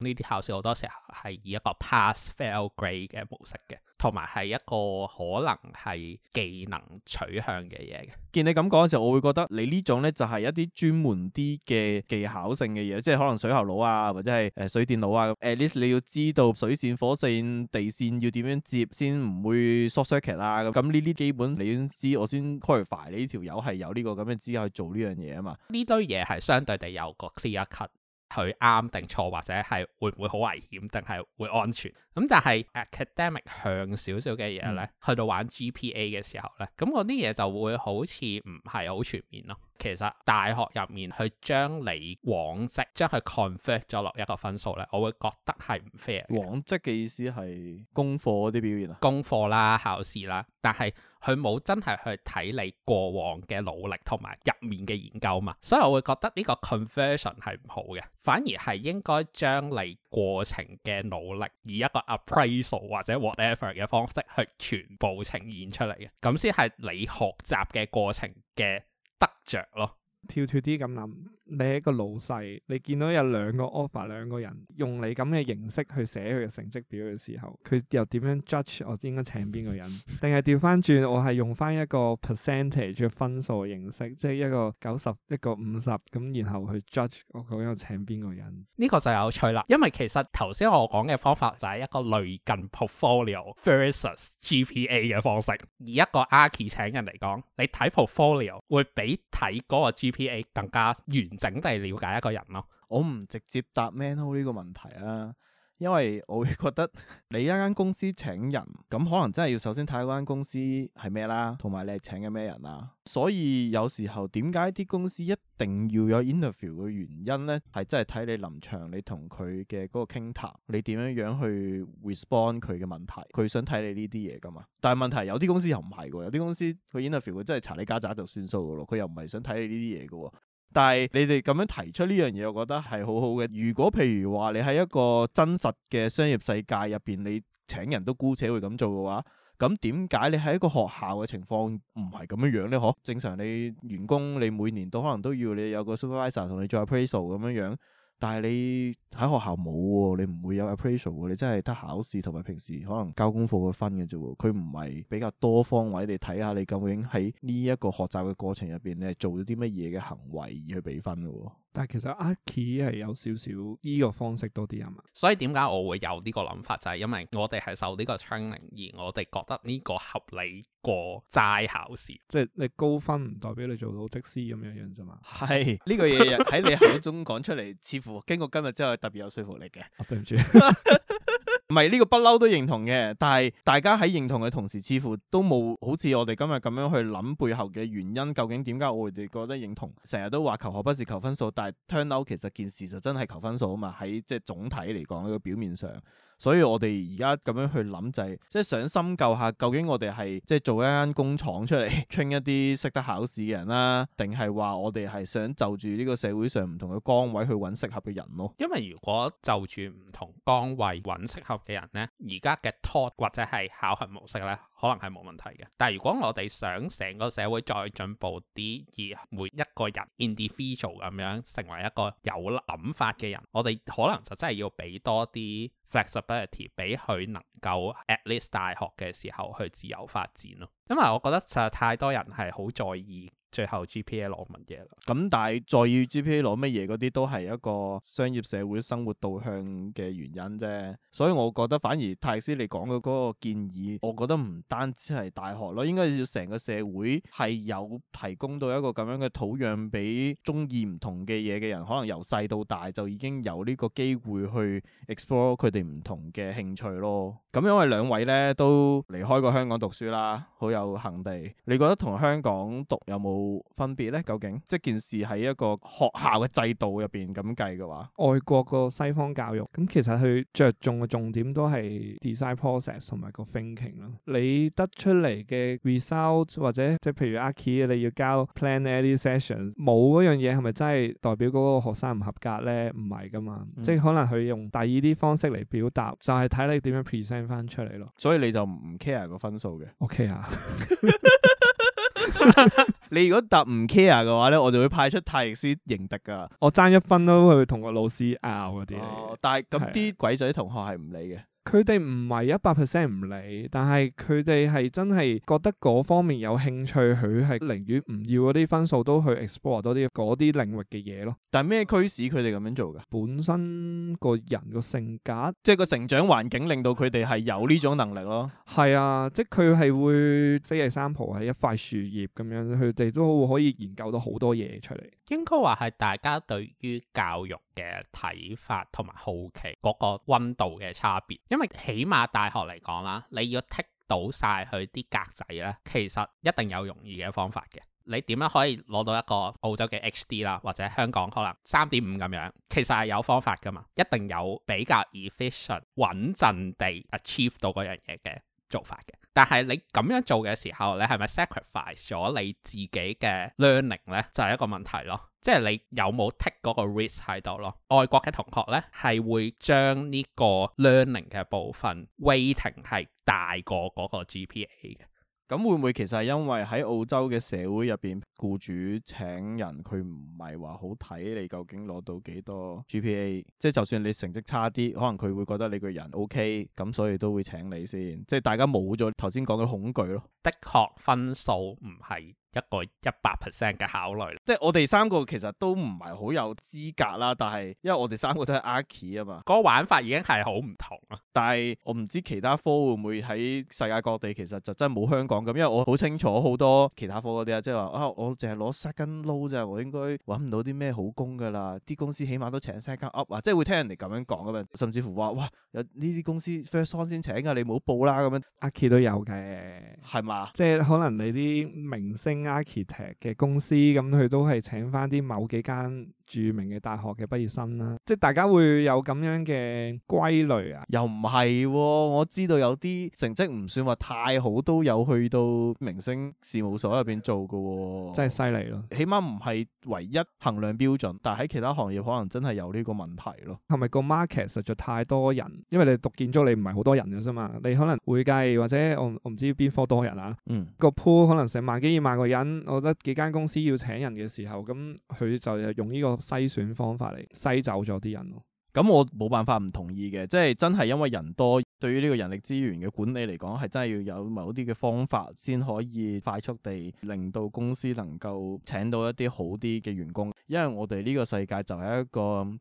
呢啲考試好多時候係以一個 pass fail grade 嘅模式嘅，同埋係一個可能係技能取向嘅嘢嘅。見你咁講嘅時候，我會覺得你呢種咧就係一啲專門啲嘅技巧性嘅嘢，即係可能水喉佬啊，或者係誒水電佬啊。at least 你要知道水線、火線、地線要點樣接先唔會 short circuit 啦、啊。咁呢啲基本你先知，我先 qualify 你呢條友係有呢個咁嘅資格去做呢樣嘢啊嘛。呢堆嘢係相對地有個 clear cut。佢啱定錯，或者係會唔會好危險，定係會安全？咁但係 academic 向少少嘅嘢咧，嗯、去到玩 GPA 嘅時候咧，咁嗰啲嘢就會好似唔係好全面咯。其實大學入面去將你往績將佢 convert 咗落一個分數咧，我會覺得係唔 fair。往績嘅意思係功課嗰啲表現啊，功課啦、考試啦，但係佢冇真係去睇你過往嘅努力同埋入面嘅研究嘛，所以我會覺得呢個 conversion 係唔好嘅，反而係應該將你，過程嘅努力，以一個 appraisal 或者 whatever 嘅方式去全部呈現出嚟嘅，咁先係你學習嘅過程嘅得着咯。跳脫啲咁諗，你一個老細，你見到有兩個 offer，兩個人用你咁嘅形式去寫佢嘅成績表嘅時候，佢又點樣 judge 我應該請邊個人？定係調翻轉，我係用翻一個 percentage 分數形式，即係一個九十一個五十咁，然後去 judge 我究竟要請邊個人？呢個就有趣啦，因為其實頭先我講嘅方法就係一個類近 portfolio versus GPA 嘅方式，而一個 archie 請人嚟講，你睇 portfolio 會比睇嗰個、G EPA 更加完整地了解一個人咯，我唔直接答 MH 呢個問題啊。因為我會覺得你一間公司請人咁，可能真係要首先睇嗰間公司係咩啦，同埋你係請嘅咩人啊。所以有時候點解啲公司一定要有 interview 嘅原因咧，係真係睇你臨場你同佢嘅嗰個傾談，你點樣樣去 respond 佢嘅問題，佢想睇你呢啲嘢噶嘛。但係問題係有啲公司又唔係喎，有啲公司佢 interview 佢真係查你家宅就算數噶咯，佢又唔係想睇你呢啲嘢噶喎。但係你哋咁樣提出呢樣嘢，我覺得係好好嘅。如果譬如話你喺一個真實嘅商業世界入邊，你請人都姑且會咁做嘅話，咁點解你喺一個學校嘅情況唔係咁樣樣咧？嗬，正常你員工你每年都可能都要你有個 supervisor 同你做 appraisal 咁樣樣。但係你喺學校冇喎，你唔會有 appreciation 喎，你真係得考試同埋平時可能交功課嘅分嘅啫喎，佢唔係比較多方位地睇下你究竟喺呢一個學習嘅過程入邊，你係做咗啲乜嘢嘅行為而去俾分嘅喎。但係其實阿 K 係有少少呢個方式多啲啊嘛，所以點解我會有呢個諗法就係、是、因為我哋係受呢個 training 而我哋覺得呢個合理過齋考試，即係你高分唔代表你做到即師咁樣樣啫嘛。係呢個嘢喺你口中講出嚟，似乎經過今日之後係特別有說服力嘅。啊，對唔住。 唔係呢個不嬲都認同嘅，但係大家喺認同嘅同時，似乎都冇好似我哋今日咁樣去諗背後嘅原因，究竟點解我哋覺得認同？成日都話求學不是求分數，但係 turn out 其實件事就真係求分數啊嘛！喺即係總體嚟講，呢個表面上，所以我哋而家咁樣去諗就係、是、即係想深究下，究竟我哋係即係做一間工廠出嚟 train 一啲識得考試嘅人啦、啊，定係話我哋係想就住呢個社會上唔同嘅崗位去揾適合嘅人咯？因為如果就住唔同崗位揾適合，嘅人咧，而家嘅拖或者係考核模式咧，可能係冇問題嘅。但係如果我哋想成個社會再進步啲，而每一個人 individual 咁樣成為一個有諗法嘅人，我哋可能就真係要俾多啲 flexibility，俾佢能夠 at least 大學嘅時候去自由發展咯。因為我覺得實在太多人係好在意。最後 GPA 攞乜嘢啦？咁但係再要 GPA 攞乜嘢嗰啲都係一個商業社會生活導向嘅原因啫。所以我覺得反而泰斯你講嘅嗰個建議，我覺得唔單止係大學咯，應該要成個社會係有提供到一個咁樣嘅土壤俾中意唔同嘅嘢嘅人，可能由細到大就已經有呢個機會去 explore 佢哋唔同嘅興趣咯。咁因為兩位呢都離開過香港讀書啦，好有幸地，你覺得同香港讀有冇？分別咧，究竟即件事喺一個學校嘅制度入邊咁計嘅話，外國個西方教育咁其實佢着重嘅重點都係 design process 同埋個 thinking 咯。你得出嚟嘅 result 或者即係譬如 A key 你要交 plan analysis，冇嗰樣嘢係咪真係代表嗰個學生唔合格咧？唔係噶嘛，嗯、即係可能佢用第二啲方式嚟表達，就係，是，睇你點樣 present 翻出嚟咯。所以你就唔 care 個分數嘅。O K 啊。 你如果答唔 care 嘅話咧，我就會派出太迪師迎敵噶。我爭一分都會同個老師拗嗰啲啊。但係咁啲鬼仔同學係唔理嘅。佢哋唔係一百 percent 唔理，但係佢哋係真係覺得嗰方面有興趣，佢係寧願唔要嗰啲分數，都去 explore 多啲嗰啲領域嘅嘢咯。但係咩驅使佢哋咁樣做嘅？本身個人個性格，即係個成長環境令到佢哋係有呢種能力咯。係啊，即係佢係會 s a 三棵係一塊樹葉咁樣，佢哋都會可以研究到好多嘢出嚟。應該話係大家對於教育嘅睇法同埋好奇嗰個温度嘅差別，因為起碼大學嚟講啦，你要剔到晒佢啲格仔咧，其實一定有容易嘅方法嘅。你點樣可以攞到一個澳洲嘅 HD 啦，或者香港可能三點五咁樣，其實係有方法噶嘛，一定有比較 efficient 穩陣地 achieve 到嗰樣嘢嘅。做法嘅，但係你咁樣做嘅時候，你係咪 sacrifice 咗你自己嘅 learning 呢？就係一個問題咯，即係你有冇 take 嗰個 risk 喺度咯？外國嘅同學呢，係會將呢個 learning 嘅部分 weighting 係大過嗰個 GPA 嘅。咁會唔會其實係因為喺澳洲嘅社會入邊，僱主請人佢唔係話好睇你究竟攞到幾多 GPA，即係就算你成績差啲，可能佢會覺得你個人 OK，咁所以都會請你先，即係大家冇咗頭先講嘅恐懼咯。的確分數唔係一個一百 percent 嘅考慮，即係我哋三個其實都唔係好有資格啦，但係因為我哋三個都係 Archi 啊嘛，嗰個玩法已經係好唔同啊。但係我唔知其他科會唔會喺世界各地其實就真係冇香港咁，因為我好清楚好多其他科嗰啲啊，即係話啊，我淨係攞 second lower 啫，我應該揾唔到啲咩好工噶啦。啲公司起碼都請 second up 啊，即係會聽人哋咁樣講咁樣，甚至乎話哇有呢啲公司 first con 先請啊，你唔好報啦咁樣。Archi 都有嘅，係嘛？即係可能你啲明星 architect 嘅公司咁，佢都係請翻啲某幾間。著名嘅大學嘅畢業生啦，即係大家會有咁樣嘅歸類啊，又唔係，我知道有啲成績唔算話太好，都有去到明星事務所入邊做嘅，真係犀利咯。咯起碼唔係唯一衡量標準，但喺其他行業可能真係有呢個問題咯。係咪個 market 實在太多人？因為你讀建築你唔係好多人嘅啫嘛，你可能會計或者我我唔知邊科多人啊。嗯，個 pool 可能成萬幾二萬個人，我覺得幾間公司要請人嘅時候，咁佢就用呢、呢個。篩選方法嚟篩走咗啲人咯。咁我冇辦法唔同意嘅，即係真係因為人多，對於呢個人力資源嘅管理嚟講，係真係要有某啲嘅方法，先可以快速地令到公司能夠請到一啲好啲嘅員工。因為我哋呢個世界就係一個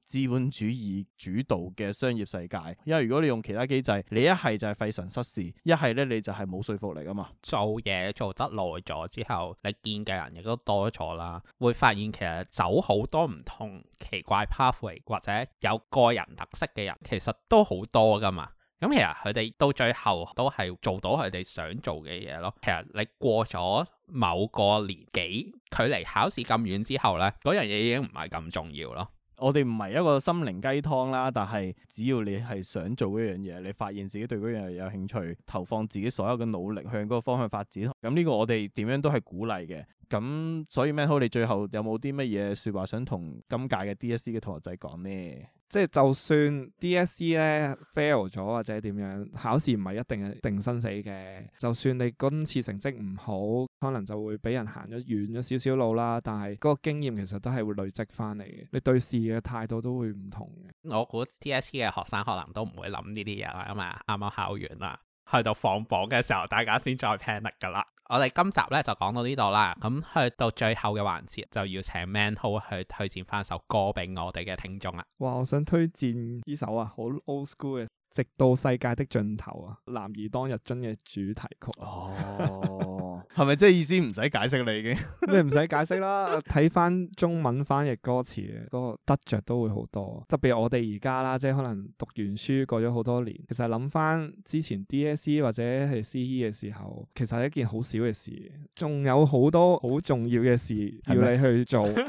資本主義主導嘅商業世界。因為如果你用其他機制，你一係就係費時失事，一係咧你就係冇說服力啊嘛。做嘢做得耐咗之後，你見嘅人亦都多咗啦，會發現其實走好多唔同奇怪 pathway 或者有個人特色嘅人其實都好多噶嘛，咁、嗯、其實佢哋到最後都係做到佢哋想做嘅嘢咯。其實你過咗某個年紀，距離考試咁遠之後呢，嗰樣嘢已經唔係咁重要咯。我哋唔係一個心靈雞湯啦，但係只要你係想做嗰樣嘢，你發現自己對嗰樣嘢有興趣，投放自己所有嘅努力向嗰個方向發展，咁呢個我哋點樣都係鼓勵嘅。咁所以 Man Ho，你最後有冇啲乜嘢說話想同今屆嘅 DSE 嘅同學仔講呢？即係就算 DSE 咧 fail 咗或者點樣，考試唔係一定一定生死嘅。就算你今次成績唔好，可能就會俾人行咗遠咗少少路啦。但係嗰個經驗其實都係會累積翻嚟嘅。你對事嘅態度都會唔同嘅。我估 DSE 嘅學生可能都唔會諗呢啲嘢啦，咁啊，啱啱考完啦。去到放榜嘅時候，大家先再聽力㗎喇。我哋今集呢就講到呢度啦。咁去到最後嘅環節，就要請 Man Ho 去推薦翻首歌俾我哋嘅聽眾啦。哇！我想推薦呢首啊，好 old school 嘅《直到世界的盡頭》啊，男兒當入樽嘅主題曲。哦 係咪即係意思唔使解釋，你已經， 你唔使解釋啦。睇返中文翻譯歌詞嗰個得着都會好多，特別我哋而家啦，即係可能讀完書過咗好多年，其實諗返之前 DSE 或者係 C.E. 嘅時候，其實係一件好小嘅事，仲有好多好重要嘅事要你去做。是嗎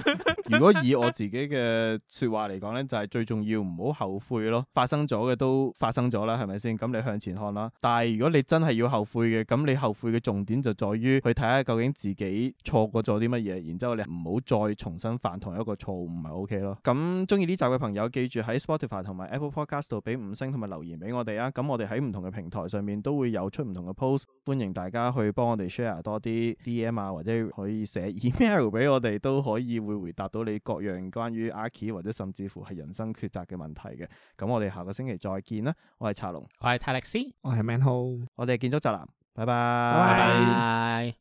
如果以我自己嘅說話嚟講呢，就係、是、最重要唔好後悔咯。發生咗嘅都發生咗啦，係咪先？咁你向前看啦。但係如果你真係要後悔嘅，咁你後悔嘅重點就在於。於去睇下究竟自己錯過咗啲乜嘢，然之後你唔好再重新犯同一個錯誤，咪 O K 咯？咁中意呢集嘅朋友，記住喺 Spotify 同埋 Apple Podcast 度俾五星同埋留言俾我哋啊！咁我哋喺唔同嘅平台上面都會有出唔同嘅 post，歡迎大家去幫我哋 share 多啲 D M 啊，或者可以寫 email 俾我哋，都可以會回答到你各樣關於阿 Key 或者甚至乎係人生抉擇嘅問題嘅。咁我哋下個星期再見啦！我係查龍，我係泰力斯，我係 Man Ho，我哋建築宅男。拜拜。